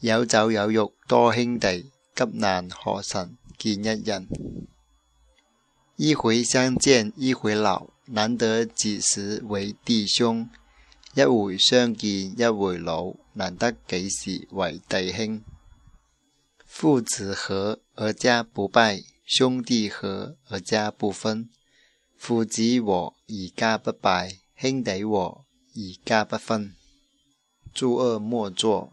有酒有肉多兄弟，急難何曾見一人？一會相見，一會老，難得幾時為弟兄；一會相見，一會老，難得幾時為弟兄？父子和而家不敗，兄弟和而家不分。父子和而家不敗，兄弟和而家不分。諸惡莫作。